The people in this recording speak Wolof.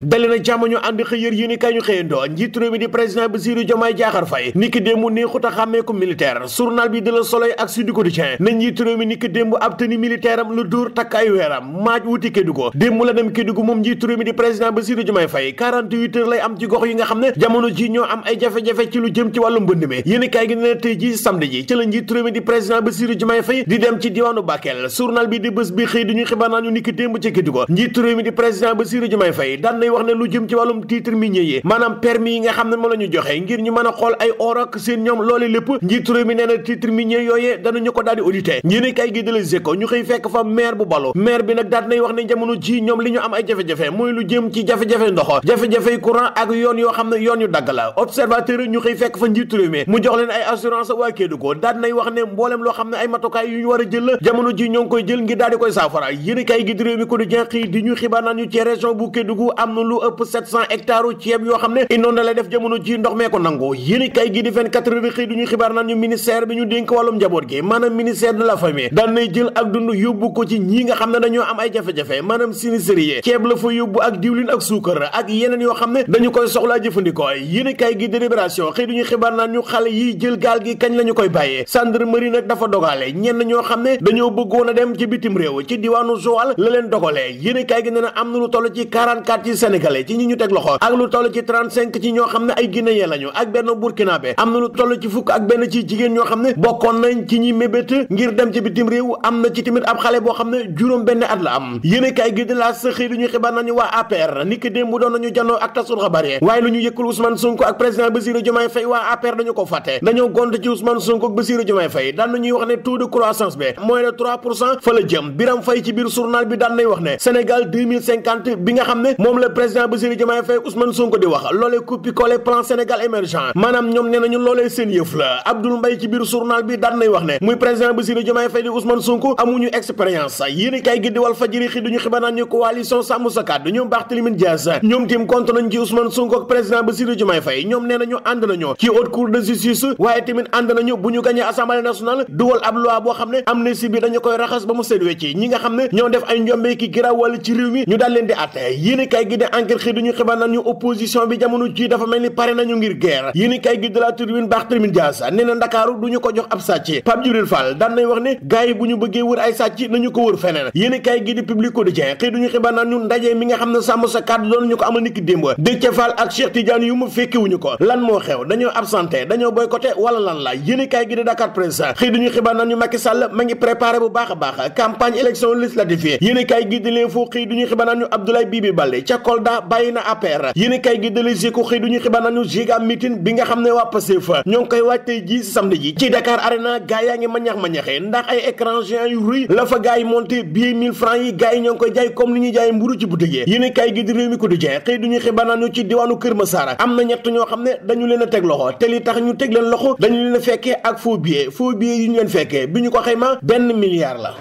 dali na jàmm ñu ànd xëy yër yéen i kaay ñu xëyandoo njiitu réew mi di président Bassirou Diomaye Diakhar Faye ni ki a xàmmee ko militaire journal ni ki démb ab tenue am di ne jamono ji ñoo am ay jafe lu jëm ci wàllu mbënd mi yéen i kaay gi ne tey ji samedi ji ci la njiitu réew mi dem ci diwaanu Bakel journal bi di bés bi xëy duñu xibaar naan ñu ni ci Kédougou njiitu réew mi di président Bassirou Diomaye Faye day wax ne lu jëm ci wàllum titre minier yi maanaam permis yi nga xam ne moom la ñu joxe ngir ñu mën a xool ay or ak seen ñoom loolee lépp njiitu mi nee na titre minier yooyee danañu ko daal di audité kay gi de ñoom li ñu am ay jafe-jafe courant ak yoon yoo xam ne yoon yu dagg la observateur ñu xëy fekk fa njiitu réew mi mu jox leen ay assurance waa Kédougou daal nay wax ne mbooleem loo xam ne ay matukaay yu war a jël la jamono ji ñoo ngi koy jël ngir daal koy saafara na lu ëpp 700 hectares u ceeb yoo xam ne indoon la def jamono ji ndox mee ko nangoo yéen gi di 24 heures xëy duñu xibaar naan ñu ministère bi ñu dénk wàllum njaboot gi maanaam ministère de la jël ak dund yóbbu ko ci ñi nga xam ne dañoo am ay jafe-jafe maanaam sinistre ceeb la fa yóbbu ak diwlin ak suukar ak yeneen yoo xam ne dañu koy soxlaa jëfandikoo yéen gi di libération xëy duñu xibaar naan ñu xale yi jël gaal gi kañ la a sénégalais ci ñi ñu teg loxo ak lu toll ci 35 ci ñoo xam ne ay guinéen lañu ak benn burkinabé am na lu toll ci fukk ak benn ci jigéen ñoo xam ne bokkoon nañu waa ak tasul xabaar yi waaye lu ñu yëkkul Ousmane Sonko ak président Bassirou Diomaye Faye waa APR dañu ko fàtte dañoo gont ci Ousmane Sonko ak Bassirou Diomaye Faye daan nañuy wax ne taux de croissance bi mooy de fa la jëm Biram Faye ci biir journal bi daan nay wax ne Sénégal bi nga xam ne moom la président Bassirou Diomaye Faye Ousmane Sonko di wax loolee copier coller plan Sénégal émergent maanaam ñoom nee nañu loolee seen yëf la Abdoul Mbaye ci biir journal bi daan wax ne muy président Bassirou Diomaye Faye di Ousmane Sonko amuñu expérience yéen kay gi di Walf duñu xibaar naan coalition Sàmm Sa Kàddu ñoom Barthélémy Dias ñoom tim compte nañ ci Ousmane Sonko ak président Bassirou Diomaye Faye ñoom nee nañu ànd nañu ci haute cour de justice waaye enquête xëy duñu xibaar naan opposition bi jamono ji dafa mel ni pare nañu ngir guerre yéen kay gi de la tribune Barthélémy Dias nee na ndakaaru ko jox ab sàcc Pape Djibril Fall daan wax ne gars bu ñu bëggee wër ay sàcc nañu ko wër feneen yéen kay gi di Public Quotidien xëy duñu xibaar naan ndaje mi nga xam ne sàmm sa kàddu doon ñu ko amal niki démb Déthié Fall ak Cheikh Tidiane yu mu fekkiwuñu ko lan moo xew dañoo absenté dañoo boycotté wala a Kolda bàyyi na APR yéen kay gi délégé ko xëy duñu xibaar nañu giga meeting bi nga xam ne waa Pastef ñoo ngi koy waaj tey ji samedi ji ci Dakar Arena gaa yaa ngi mañax mañaxee ndax ay écran géant yu rëy la fa gaa yi monté billet 1000 francs yi gaa yi ñoo ngi koy jaay comme ni ñuy jaay mburu ci boutique yi yéen kay gi di réew mi quotidien xëy duñu xibaar nañu ci diwaanu Kër Massar am na ñett ñoo xam ne dañu leen a teg loxo te li tax ñu teg leen loxo dañu leen fekkee ak faux billet faux billet leen fekkee bi ñu ko xayma benn milliard la